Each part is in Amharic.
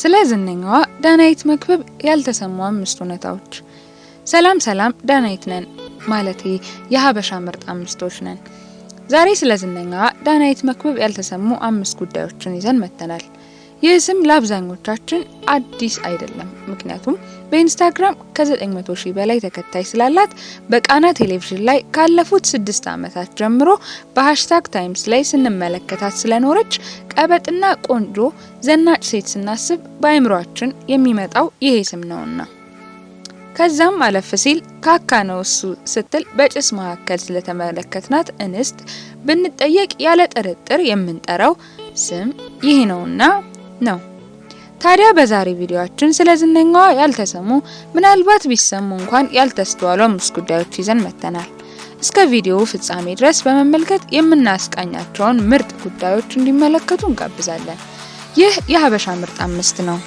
ስለ ዝነኛዋ ዳናይት መክብብ ያልተሰሙ አምስት እውነታዎች። ሰላም ሰላም፣ ዳናይት ነን ማለቴ የሀበሻ ምርጥ አምስቶች ነን። ዛሬ ስለ ዝነኛዋ ዳናይት መክብብ ያልተሰሙ አምስት ጉዳዮችን ይዘን መጥተናል። ይህ ስም ለአብዛኞቻችን አዲስ አይደለም። ምክንያቱም በኢንስታግራም ከ900 ሺህ በላይ ተከታይ ስላላት በቃና ቴሌቪዥን ላይ ካለፉት ስድስት ዓመታት ጀምሮ በሀሽታግ ታይምስ ላይ ስንመለከታት ስለኖረች ቀበጥና ቆንጆ ዘናጭ ሴት ስናስብ በአይምሯችን የሚመጣው ይሄ ስም ነውና ከዛም አለፍ ሲል ካካ ነው እሱ ስትል በጭስ መካከል ስለተመለከትናት እንስት ብንጠየቅ ያለ ጥርጥር የምንጠራው ስም ይህ ነውና ነው። ታዲያ በዛሬ ቪዲዮአችን ስለ ዝነኛዋ ያልተሰሙ ምናልባት ቢሰሙ እንኳን ያልተስተዋሉ አምስት ጉዳዮች ይዘን መጥተናል። እስከ ቪዲዮው ፍጻሜ ድረስ በመመልከት የምናስቃኛቸውን ምርጥ ጉዳዮች እንዲመለከቱ እንጋብዛለን። ይህ የሀበሻ ምርጥ አምስት ነው።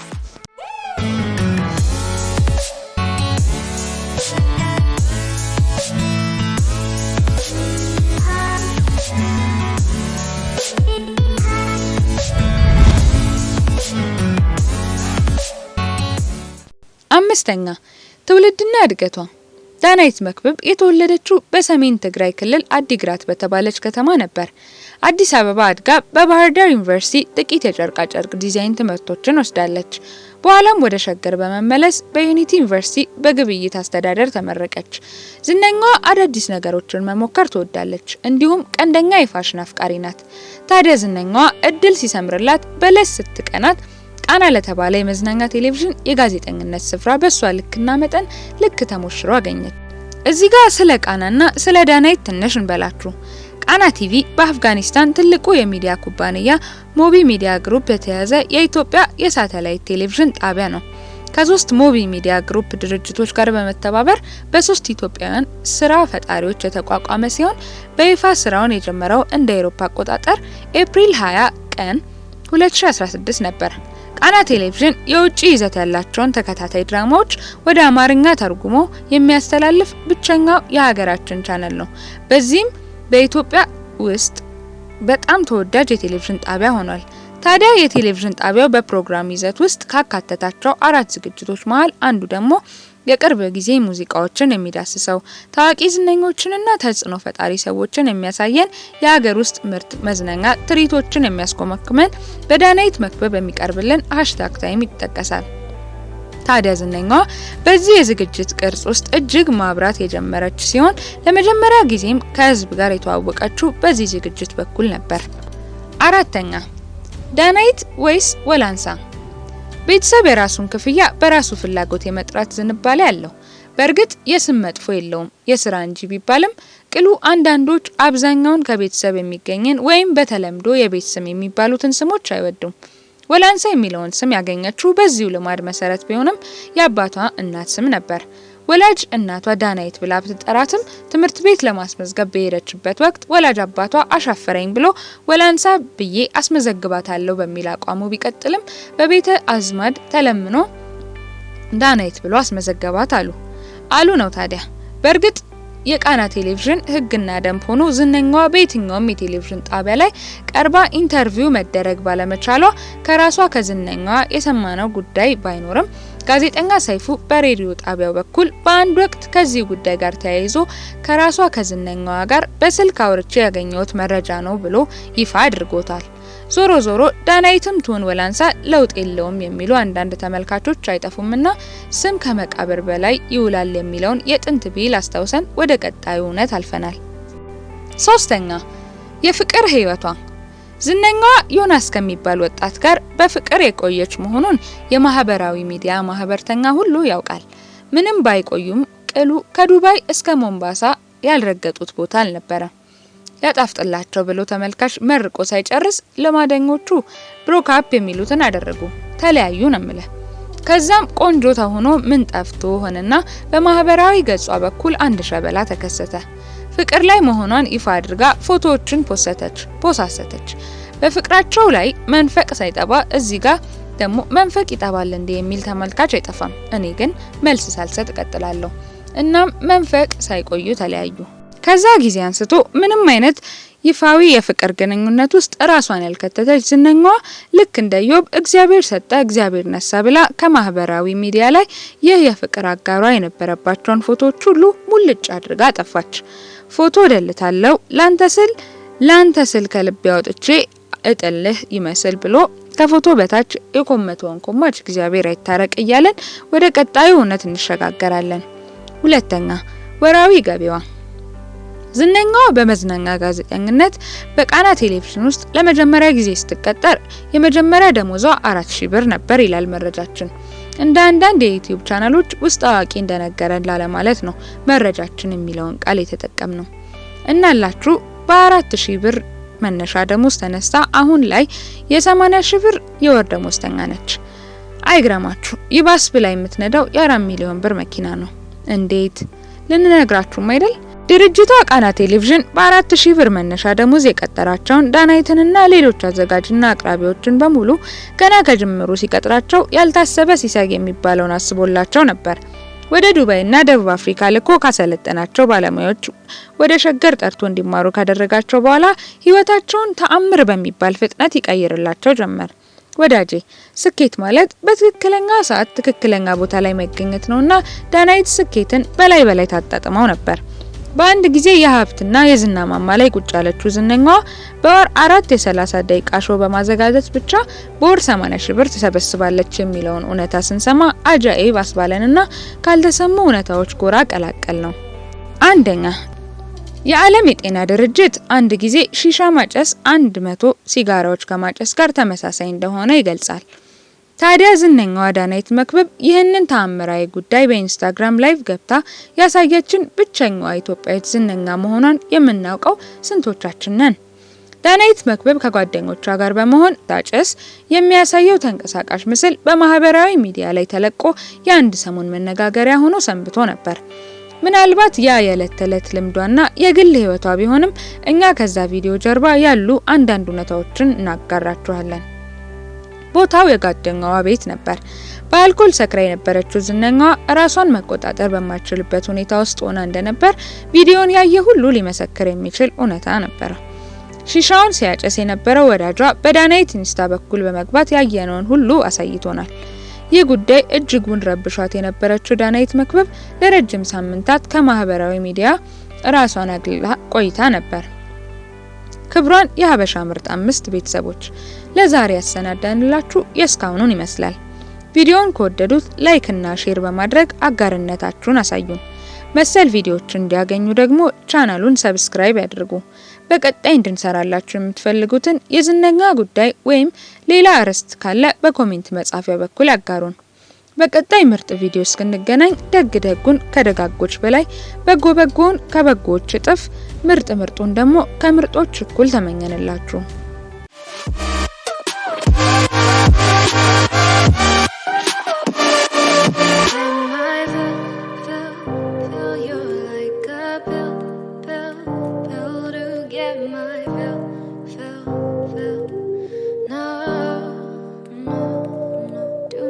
ስድስተኛ ትውልድና እድገቷ ዳናይት መክብብ የተወለደችው በሰሜን ትግራይ ክልል አዲግራት በተባለች ከተማ ነበር። አዲስ አበባ አድጋ በባህር ዳር ዩኒቨርሲቲ ጥቂት የጨርቃጨርቅ ዲዛይን ትምህርቶችን ወስዳለች። በኋላም ወደ ሸገር በመመለስ በዩኒቲ ዩኒቨርሲቲ በግብይት አስተዳደር ተመረቀች። ዝነኛዋ አዳዲስ ነገሮችን መሞከር ትወዳለች፣ እንዲሁም ቀንደኛ የፋሽን አፍቃሪ ናት። ታዲያ ዝነኛዋ እድል ሲሰምርላት በለስ ስትቀናት ቃና ለተባለ የመዝናኛ ቴሌቪዥን የጋዜጠኝነት ስፍራ በእሷ ልክና መጠን ልክ ተሞሽሮ አገኘች። እዚህ ጋር ስለ ቃናና ስለ ዳናይት ትንሽ እንበላችሁ። ቃና ቲቪ በአፍጋኒስታን ትልቁ የሚዲያ ኩባንያ ሞቢ ሚዲያ ግሩፕ የተያዘ የኢትዮጵያ የሳተላይት ቴሌቪዥን ጣቢያ ነው። ከሶስት ሞቢ ሚዲያ ግሩፕ ድርጅቶች ጋር በመተባበር በሶስት ኢትዮጵያውያን ስራ ፈጣሪዎች የተቋቋመ ሲሆን በይፋ ስራውን የጀመረው እንደ አውሮፓ አቆጣጠር ኤፕሪል 20 ቀን 2016 ነበር። ቃና ቴሌቪዥን የውጭ ይዘት ያላቸውን ተከታታይ ድራማዎች ወደ አማርኛ ተርጉሞ የሚያስተላልፍ ብቸኛው የሀገራችን ቻነል ነው። በዚህም በኢትዮጵያ ውስጥ በጣም ተወዳጅ የቴሌቪዥን ጣቢያ ሆኗል። ታዲያ የቴሌቪዥን ጣቢያው በፕሮግራም ይዘት ውስጥ ካካተታቸው አራት ዝግጅቶች መሀል አንዱ ደግሞ የቅርብ ጊዜ ሙዚቃዎችን የሚዳስሰው፣ ታዋቂ ዝነኞችንና ተጽዕኖ ፈጣሪ ሰዎችን የሚያሳየን፣ የሀገር ውስጥ ምርጥ መዝናኛ ትርኢቶችን የሚያስኮመክመን በዳናይት መክበብ የሚቀርብልን ሀሽታግ ታይም ይጠቀሳል። ታዲያ ዝነኛዋ በዚህ የዝግጅት ቅርጽ ውስጥ እጅግ ማብራት የጀመረች ሲሆን ለመጀመሪያ ጊዜም ከህዝብ ጋር የተዋወቀችው በዚህ ዝግጅት በኩል ነበር። አራተኛ ዳናይት ወይስ ወላንሳ? ቤተሰብ የራሱን ክፍያ በራሱ ፍላጎት የመጥራት ዝንባሌ አለው። በእርግጥ የስም መጥፎ የለውም የስራ እንጂ ቢባልም ቅሉ አንዳንዶች አብዛኛውን ከቤተሰብ የሚገኝን ወይም በተለምዶ የቤት ስም የሚባሉትን ስሞች አይወዱም። ወላንሳ የሚለውን ስም ያገኘችው በዚሁ ልማድ መሰረት ቢሆንም የአባቷ እናት ስም ነበር። ወላጅ እናቷ ዳናይት ብላ ብትጠራትም ትምህርት ቤት ለማስመዝገብ በሄደችበት ወቅት ወላጅ አባቷ አሻፈረኝ ብሎ ወላንሳ ብዬ አስመዘግባታለሁ በሚል አቋሙ ቢቀጥልም በቤተ አዝማድ ተለምኖ ዳናይት ብሎ አስመዘገባት አሉ አሉ ነው ታዲያ በእርግጥ የቃና ቴሌቪዥን ህግና ደንብ ሆኖ ዝነኛዋ በየትኛውም የቴሌቪዥን ጣቢያ ላይ ቀርባ ኢንተርቪው መደረግ ባለመቻሏ ከራሷ ከዝነኛዋ የሰማነው ጉዳይ ባይኖርም ጋዜጠኛ ሰይፉ በሬዲዮ ጣቢያው በኩል በአንድ ወቅት ከዚህ ጉዳይ ጋር ተያይዞ ከራሷ ከዝነኛዋ ጋር በስልክ አውርቼ ያገኘሁት መረጃ ነው ብሎ ይፋ አድርጎታል። ዞሮ ዞሮ ዳናይትም ትሆን ወላንሳ ለውጥ የለውም የሚሉ አንዳንድ ተመልካቾች አይጠፉምና ስም ከመቃብር በላይ ይውላል የሚለውን የጥንት ብሂል አስታውሰን ወደ ቀጣዩ እውነት አልፈናል። ሶስተኛ የፍቅር ህይወቷ ዝነኛዋ ዮናስ ከሚባል ወጣት ጋር በፍቅር የቆየች መሆኑን የማህበራዊ ሚዲያ ማህበርተኛ ሁሉ ያውቃል። ምንም ባይቆዩም ቅሉ ከዱባይ እስከ ሞምባሳ ያልረገጡት ቦታ አልነበረም። ያጣፍጥላቸው ብሎ ተመልካች መርቆ ሳይጨርስ ለማደኞቹ ብሮካፕ የሚሉትን አደረጉ። ተለያዩ ነው የምልህ። ከዛም ቆንጆ ተሆኖ ምን ጠፍቶ ሆነና በማህበራዊ ገጿ በኩል አንድ ሸበላ ተከሰተ። ፍቅር ላይ መሆኗን ይፋ አድርጋ ፎቶዎችን ፖሰተች ፖሳሰተች። በፍቅራቸው ላይ መንፈቅ ሳይጠባ እዚህ ጋር ደግሞ መንፈቅ ይጠባል እንዴ የሚል ተመልካች አይጠፋም። እኔ ግን መልስ ሳልሰጥ እቀጥላለሁ። እናም መንፈቅ ሳይቆዩ ተለያዩ። ከዛ ጊዜ አንስቶ ምንም አይነት ይፋዊ የፍቅር ግንኙነት ውስጥ ራሷን ያልከተተች ዝነኛዋ ልክ እንደ ዮብ እግዚአብሔር ሰጠ እግዚአብሔር ነሳ ብላ ከማህበራዊ ሚዲያ ላይ ይህ የፍቅር አጋሯ የነበረባቸውን ፎቶዎች ሁሉ ሙልጭ አድርጋ ጠፋች። ፎቶ እደልታለሁ ላንተ ስል ላንተ ስል ከልቤ አውጥቼ እጥልህ ይመስል ብሎ ከፎቶ በታች የኮመተውን ኮማች እግዚአብሔር አይታረቅ እያለን ወደ ቀጣዩ እውነት እንሸጋገራለን። ሁለተኛ ወራዊ ገቢዋ ዝነኛዋ በመዝናኛ ጋዜጠኝነት በቃና ቴሌቪዥን ውስጥ ለመጀመሪያ ጊዜ ስትቀጠር የመጀመሪያ ደሞዟ አራት ሺህ ብር ነበር ይላል መረጃችን። እንደ አንዳንድ የዩቲዩብ ቻናሎች ውስጥ አዋቂ እንደነገረን ላለማለት ነው መረጃችን የሚለውን ቃል የተጠቀም ነው። እናላችሁ በአራት ሺህ ብር መነሻ ደሞዝ ተነስታ አሁን ላይ የ80 ሺህ ብር የወር ደሞዝተኛ ነች። አይግረማችሁ ይባስ ብላ የምትነዳው የ4 ሚሊዮን ብር መኪና ነው። እንዴት ልንነግራችሁም አይደል? ድርጅቱ ቃና ቴሌቪዥን በአራት ሺህ ብር መነሻ ደሞዝ የቀጠራቸውን ዳናይትንና ሌሎች አዘጋጅና አቅራቢዎችን በሙሉ ገና ከጅምሩ ሲቀጥራቸው ያልታሰበ ሲሳይ የሚባለውን አስቦላቸው ነበር። ወደ ዱባይና ደቡብ አፍሪካ ልኮ ካሰለጠናቸው ባለሙያዎች ወደ ሸገር ጠርቶ እንዲማሩ ካደረጋቸው በኋላ ህይወታቸውን ተአምር በሚባል ፍጥነት ይቀይርላቸው ጀመር። ወዳጄ ስኬት ማለት በትክክለኛ ሰዓት ትክክለኛ ቦታ ላይ መገኘት ነውና ዳናይት ስኬትን በላይ በላይ ታጣጥመው ነበር። በአንድ ጊዜ የሀብትና የዝና ማማ ላይ ቁጭ ያለችው ዝነኛዋ በወር አራት የ30 ደቂቃ ሾ በማዘጋጀት ብቻ በወር 80 ሺ ብር ትሰበስባለች የሚለውን እውነታ ስንሰማ አጃኤብ አስባለንና ካልተሰሙ እውነታዎች ጎራ ቀላቀል ነው። አንደኛ የዓለም የጤና ድርጅት አንድ ጊዜ ሺሻ ማጨስ አንድ መቶ ሲጋራዎች ከማጨስ ጋር ተመሳሳይ እንደሆነ ይገልጻል። ታዲያ ዝነኛዋ ዳናይት መክበብ ይህንን ተአምራዊ ጉዳይ በኢንስታግራም ላይቭ ገብታ ያሳየችን ብቸኛዋ ኢትዮጵያዊት ዝነኛ መሆኗን የምናውቀው ስንቶቻችን ነን? ዳናይት መክበብ ከጓደኞቿ ጋር በመሆን ታጨስ የሚያሳየው ተንቀሳቃሽ ምስል በማህበራዊ ሚዲያ ላይ ተለቆ የአንድ ሰሞን መነጋገሪያ ሆኖ ሰንብቶ ነበር። ምናልባት ያ የዕለት ተዕለት ልምዷና የግል ህይወቷ ቢሆንም እኛ ከዛ ቪዲዮ ጀርባ ያሉ አንዳንድ እውነታዎችን እናጋራችኋለን። ቦታው የጓደኛዋ ቤት ነበር። በአልኮል ሰክራ የነበረችው ዝነኛዋ ራሷን መቆጣጠር በማይችልበት ሁኔታ ውስጥ ሆና እንደነበር ቪዲዮን ያየ ሁሉ ሊመሰክር የሚችል እውነታ ነበር። ሺሻውን ሲያጨስ የነበረው ወዳጇ በዳናይት ኢንስታ በኩል በመግባት ያየነውን ሁሉ አሳይቶናል። ይህ ጉዳይ እጅጉን ረብሿት የነበረችው ዳናይት መክበብ ለረጅም ሳምንታት ከማህበራዊ ሚዲያ ራሷን አግልላ ቆይታ ነበር። ክብሯን የሀበሻ ምርጥ አምስት ቤተሰቦች ለዛሬ ያሰናዳንላችሁ የእስካሁኑን ይመስላል። ቪዲዮውን ከወደዱት ላይክ እና ሼር በማድረግ አጋርነታችሁን አሳዩን። መሰል ቪዲዮዎች እንዲያገኙ ደግሞ ቻናሉን ሰብስክራይብ ያድርጉ። በቀጣይ እንድንሰራላችሁ የምትፈልጉትን የዝነኛ ጉዳይ ወይም ሌላ አርዕስት ካለ በኮሜንት መጻፊያ በኩል ያጋሩን። በቀጣይ ምርጥ ቪዲዮ እስክንገናኝ ደግ ደጉን ከደጋጎች በላይ በጎ በጎውን ከበጎዎች እጥፍ ምርጥ ምርጡን ደግሞ ከምርጦች እኩል ተመኘንላችሁ።